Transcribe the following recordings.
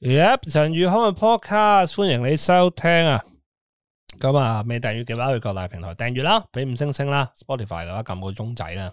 Yip 神與空嘅 podcast，歡迎你收聽啊！咁啊，未訂閱嘅話去各大平台訂閱啦，俾五星星啦，Spotify 嘅話撳個鐘仔啦。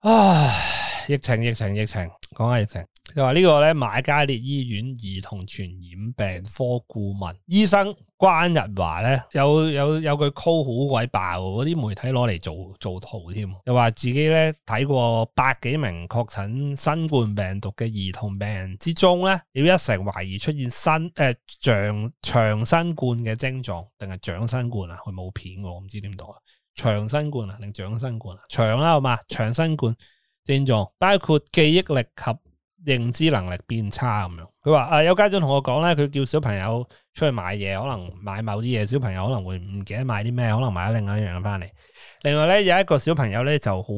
唉，疫情，疫情，疫情，講下疫情。佢話呢個呢，瑪嘉烈醫院兒童傳染病科顧問醫生。關日華咧有有有句 call 好鬼爆，嗰啲媒體攞嚟做做圖添，又話自己咧睇過百幾名確診新冠病毒嘅兒童病人之中咧，要一成懷疑出現新誒長長新冠嘅症狀，定係長新冠啊？佢冇片，我唔知點讀啊！長新冠啊，定長新冠啊？長啦好嘛，長新冠症狀包括記憶力及。認知能力變差咁樣，佢話誒有家長同我講咧，佢叫小朋友出去買嘢，可能買某啲嘢，小朋友可能會唔記得買啲咩，可能買咗另外一樣嘅翻嚟。另外咧，有一個小朋友咧就好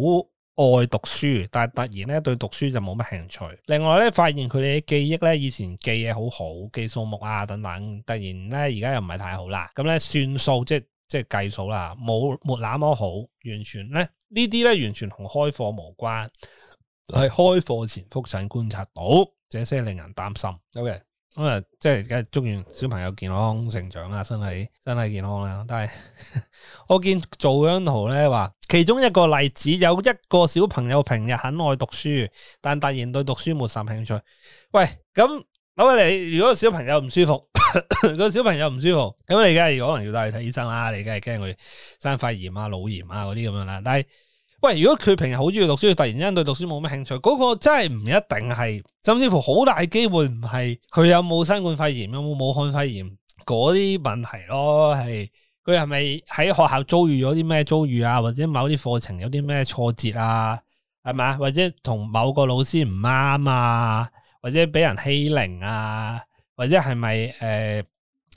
愛讀書，但係突然咧對讀書就冇乜興趣。另外咧，發現佢哋嘅記憶咧以前記嘢好好，記數目啊等等，突然咧而家又唔係太好啦。咁咧算數，即係即係計數啦，冇冇那麼好，完全咧呢啲咧完全同開課無關。係開課前復診觀察到，這些令人擔心。O K，咁啊，即係而家祝願小朋友健康成長啊，身體身體健康啦。但係 我見做樣圖咧，話其中一個例子，有一個小朋友平日很愛讀書，但突然對讀書冇甚興趣。喂，咁嗱，你如果小朋友唔舒服，個 小朋友唔舒服，咁你梗係可能要帶去睇醫生啦，你梗係係驚佢生肺炎啊、腦炎啊嗰啲咁樣啦，但係。喂，如果佢平日好中意讀書，突然之間對讀書冇咩興趣，嗰個真係唔一定係，甚至乎好大機會唔係佢有冇新冠肺炎，有冇武漢肺炎嗰啲問題咯，係佢係咪喺學校遭遇咗啲咩遭遇啊？或者某啲課程有啲咩挫折啊？係嘛？或者同某個老師唔啱啊？或者俾人欺凌啊？或者係咪誒？呃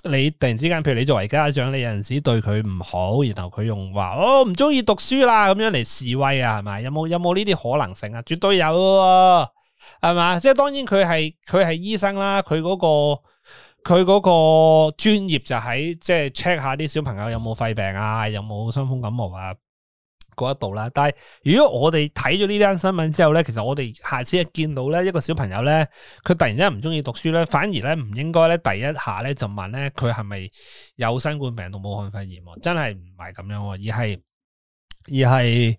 你突然之間，譬如你作為家長，你有陣時對佢唔好，然後佢又話哦，唔中意讀書啦，咁樣嚟示威啊，係咪？有冇有冇呢啲可能性啊？絕對有咯，係嘛？即係當然佢係佢係醫生啦，佢嗰個佢嗰個專業就喺即係 check 下啲小朋友有冇肺病啊，有冇傷風感冒啊？一度啦，但係如果我哋睇咗呢單新聞之後咧，其實我哋下次一見到咧一個小朋友咧，佢突然之間唔中意讀書咧，反而咧唔應該咧第一下咧就問咧佢係咪有新冠病毒同武漢肺炎？真係唔係咁樣，而係而係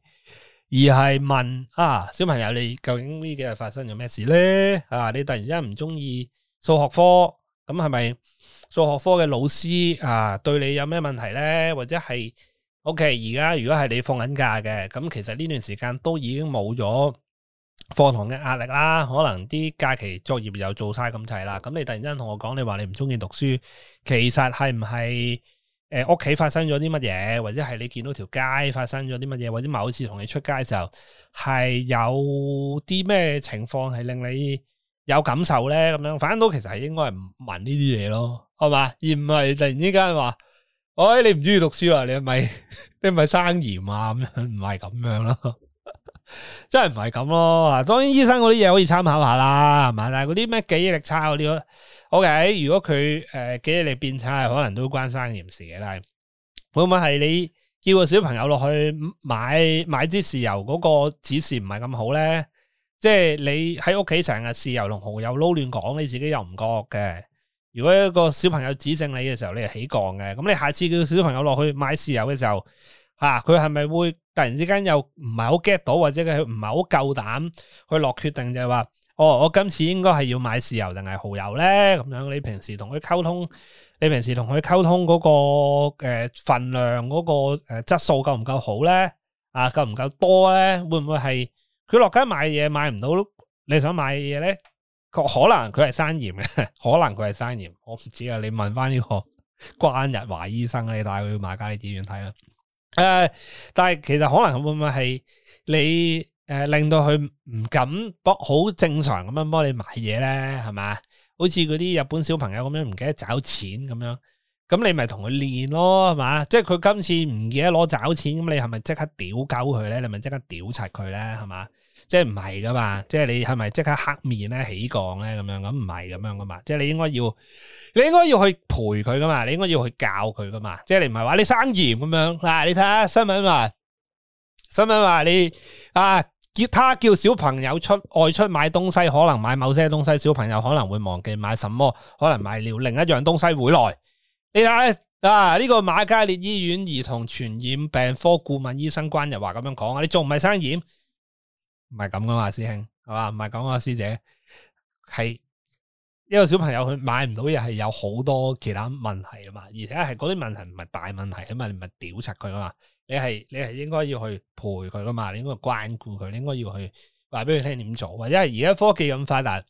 而係問啊，小朋友你究竟呢幾日發生咗咩事咧？啊，你突然之間唔中意數學科，咁係咪數學科嘅老師啊對你有咩問題咧？或者係？O K，而家如果係你放緊假嘅，咁其實呢段時間都已經冇咗課堂嘅壓力啦。可能啲假期作業又做晒咁滯啦。咁你突然之間同我講，你話你唔中意讀書，其實係唔係誒屋企發生咗啲乜嘢，或者係你見到條街發生咗啲乜嘢，或者某次同你出街嘅時候係有啲咩情況係令你有感受咧？咁樣反倒其實係應該係唔問呢啲嘢咯，係嘛？而唔係突然之間話。哎，你唔中意讀書啊？你咪你咪生鹽啊？咁樣唔係咁樣咯，真係唔係咁咯。啊，當然醫生嗰啲嘢可以參考下啦，係嘛。但係嗰啲咩記憶力差嗰啲，O K，如果佢誒記憶力變差，可能都關生鹽事嘅。但係會唔會係你叫個小朋友落去買買支豉油，嗰個指示唔係咁好咧？即係你喺屋企成日豉油同蚝油撈亂講，你自己又唔覺嘅。如果一個小朋友指正你嘅時候，你係起降嘅，咁你下次叫小朋友落去買豉油嘅時候，吓佢係咪會突然之間又唔係好 get 到，或者佢唔係好夠膽去落決定就係話，哦，我今次應該係要買豉油定係蚝油咧？咁樣你平時同佢溝通，你平時同佢溝通嗰個誒分量嗰個誒質素夠唔夠好咧？啊，夠唔夠多咧？會唔會係佢落街買嘢買唔到你想買嘅嘢咧？可能佢係生癌嘅，可能佢係生癌，我唔知啊。你問翻呢個關日華醫生，你帶佢去瑪嘉烈醫院睇啦。誒、呃，但係其實可能會唔會係你誒、呃、令到佢唔敢幫好正常咁樣幫你買嘢咧？係嘛？好似嗰啲日本小朋友咁樣唔記得找錢咁樣，咁你咪同佢練咯，係嘛？即係佢今次唔記得攞找錢，咁你係咪即刻屌鳩佢咧？你咪即刻屌柒佢咧？係嘛？即係唔係噶嘛？即係你係咪即刻黑面咧起降咧咁樣？咁唔係咁樣噶嘛？即係你應該要，你應該要去陪佢噶嘛？你應該要去教佢噶嘛？即係你唔係話你生嫌咁樣嗱？你睇下新聞話，新聞話你啊，叫他叫小朋友出外出買東西，可能買某些東西，小朋友可能會忘記買什麼，可能買了另一樣東西回來。你睇啊，呢、這個瑪嘉烈醫院兒童傳染病科顧問醫生關日華咁樣講啊，你仲唔係生嫌？唔係咁噶嘛，師兄，係嘛？唔係咁啊，師姐係呢個小朋友，佢買唔到嘢，係有好多其他問題啊嘛。而且係嗰啲問題唔係大問題啊嘛，你唔係屌柒佢啊嘛，你係你係應該要去陪佢噶嘛，你應該關顧佢，你應該要去話俾佢聽點做。因為而家科技咁發達，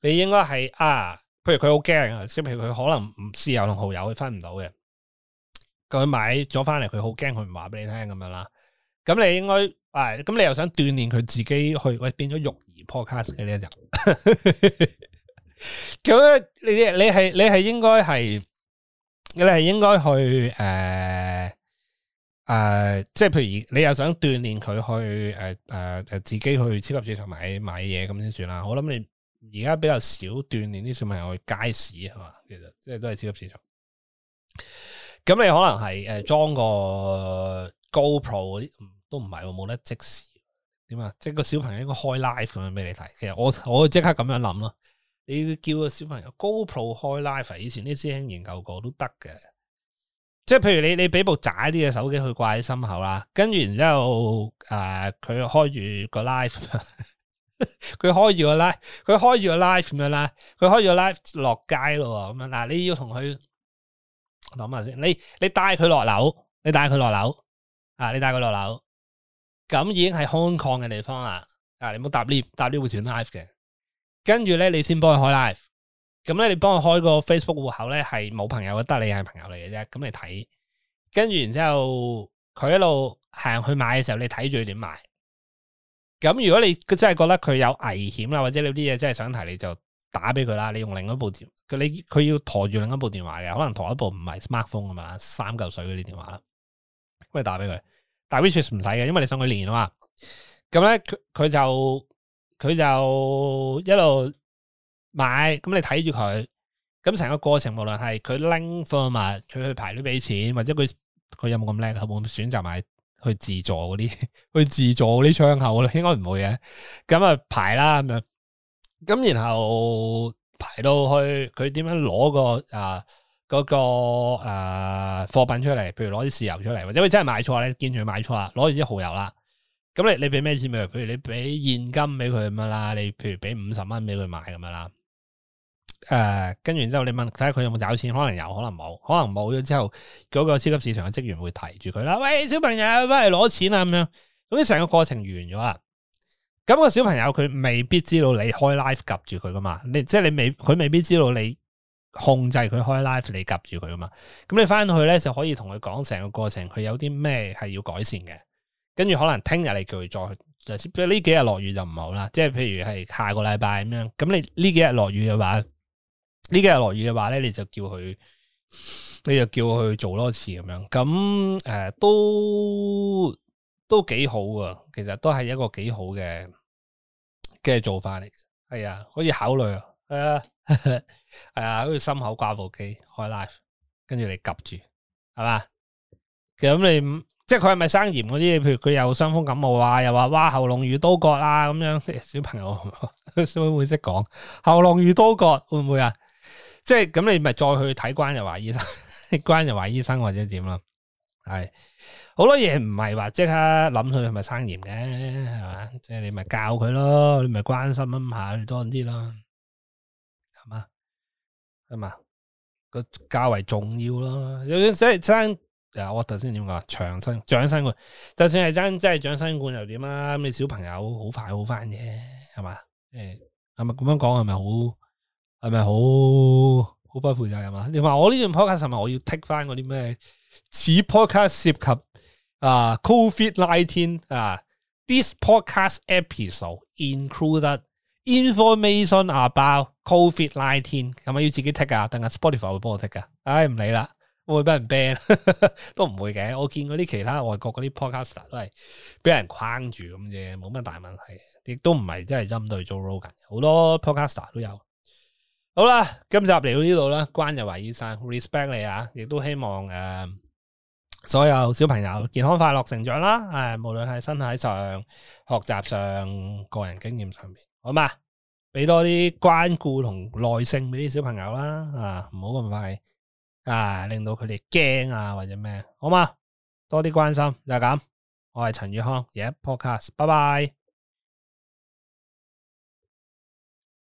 你應該係啊，譬如佢好驚啊，即係譬如佢可能唔私有同好友佢分唔到嘅，佢買咗翻嚟，佢好驚，佢唔話俾你聽咁樣啦。咁你應該，咁、啊、你又想鍛煉佢自己去，喂變咗育兒 podcast 嘅呢一日，咁 你你係你係應該係，你係應該去誒誒、呃呃，即係譬如你又想鍛煉佢去誒誒誒自己去超級市場買買嘢咁先算啦。我諗你而家比較少鍛煉啲小朋友去街市係嘛？其實即係都係超級市場。咁你可能係誒裝個 GoPro 啲。呃都唔係喎，冇得即時點啊！即個小朋友應該開 live 咁樣俾你睇。其實我我即刻咁樣諗咯。你叫個小朋友 GoPro 開 live，以前啲師兄研究過都得嘅。即係譬如你你俾部窄啲嘅手機去掛喺心口啦，跟住然之後誒，佢、呃、開住個 live，佢 開住個 live，佢開住個 live 咁樣啦，佢開住個 live 落街咯咁樣嗱，你要同佢諗下先。你你帶佢落樓，你帶佢落樓啊，你帶佢落樓。咁已經係空曠嘅地方啦，啊你唔好搭 lift，搭 lift 會斷 live 嘅。跟住咧，你先幫佢開 live。咁咧，你幫佢開，開個 Facebook 戶口咧，係冇朋友得，你係朋友嚟嘅啫。咁你睇，跟住然之後佢一路行去買嘅時候，你睇住佢點買。咁如果你真係覺得佢有危險啦，或者你啲嘢真係想提，你就打俾佢啦。你用另一部電佢，你佢要馱住另一部電話嘅，可能馱一部唔係 smartphone 啊嘛，三嚿水嗰啲電話啦，咁你打俾佢。大 wishes 唔使嘅，因為你信佢連啊嘛，咁咧佢佢就佢就一路買，咁你睇住佢，咁成個過程無論係佢拎貨物，佢去排隊俾錢，或者佢佢有冇咁叻，佢冇選擇埋去自助嗰啲， 去自助嗰啲窗口咧，應該唔會嘅。咁啊排啦咁樣，咁然後排到去佢點樣攞個啊？嗰、那個誒貨、呃、品出嚟，譬如攞啲豉油出嚟，或者佢真係買錯咧，見住佢買錯啦，攞住啲蚝油啦。咁你你俾咩錢？譬如，譬如你俾現金俾佢咁樣啦，你譬如俾五十蚊俾佢買咁樣啦。誒、呃，跟住之後你問睇下佢有冇找錢，可能有可能冇，可能冇咗之後，嗰、那個超級市場嘅職員會提住佢啦。喂，小朋友，翻嚟攞錢啦咁樣，咁你成個過程完咗啦。咁、那個小朋友佢未必知道你開 live 及住佢噶嘛？你即係你未，佢未必知道你。控制佢開 live，你夾住佢啊嘛。咁你翻去咧就可以同佢講成個過程，佢有啲咩係要改善嘅。跟住可能聽日你叫佢再就，即係呢幾日落雨就唔好啦。即係譬如係下個禮拜咁樣。咁你呢幾日落雨嘅話，幾話呢幾日落雨嘅話咧，你就叫佢，你就叫佢做多次咁樣。咁誒、呃，都都幾好啊。其實都係一個幾好嘅嘅做法嚟。係、哎、啊，可以考慮啊。係、哎、啊。係 啊，好似心口掛部機開 live，跟住你夾住，係嘛？咁你即係佢係咪生炎嗰啲？譬如佢又傷風感冒啊，又話哇喉嚨如刀割啊咁樣。小朋友，呵呵小朋友會唔會識講喉嚨如刀割會唔會啊？即係咁你咪再去睇關又華醫生，關又華醫生或者點咯？係好多嘢唔係話即刻諗佢係咪生炎嘅，係嘛？即係你咪教佢咯，你咪關心下佢多啲咯。係嘛？個較為重要咯。有啲真係生，誒、啊，我頭先點講？長身、長新冠，就算係真，真係長新冠又點啊？咩小朋友好快好翻嘅，係嘛？誒，係咪咁樣講？係咪好？係咪好好不負責係咪啊？嘛？你話我呢段 podcast 係咪我要剔翻嗰啲咩？此 podcast 涉及啊，COVID nineteen 啊，this podcast episode included。Information about COVID-19，咁咪要自己剔噶，等下 Spotify 會幫我剔噶。唉，唔理啦，會俾人 ban 都唔會嘅。我見嗰啲其他外國嗰啲 podcast 都係俾人框住咁啫，冇乜大問題，亦都唔係真係針對 Joe Rogan，好多 podcast 都有。好啦，今集嚟到呢度啦，關日華醫生，respect 你啊！亦都希望誒、呃，所有小朋友健康快樂成長啦。誒、哎，無論係身體上、學習上、個人經驗上面。好嘛，俾多啲關顧同耐性畀啲小朋友啦，啊，唔好咁快啊，令到佢哋驚啊或者咩，好嘛，多啲關心就係、是、咁，我係陳宇康，耶、yep, Podcast，拜拜。